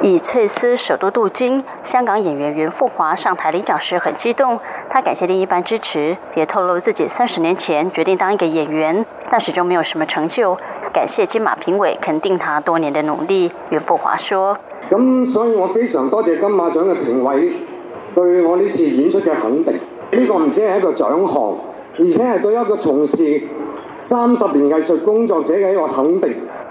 以翠絲首度鍍金，香港演員袁富華上台領獎時很激動，他感謝另一半支持，也透露自己三十年前決定當一個演員，但始終沒有什麼成就。感謝金馬評委肯定他多年的努力。袁富華說：咁所以我非常多謝金馬獎嘅評委對我呢次演出嘅肯定，呢、這個唔止係一個獎項，而且係對一個從事三十年藝術工作者嘅一個肯定。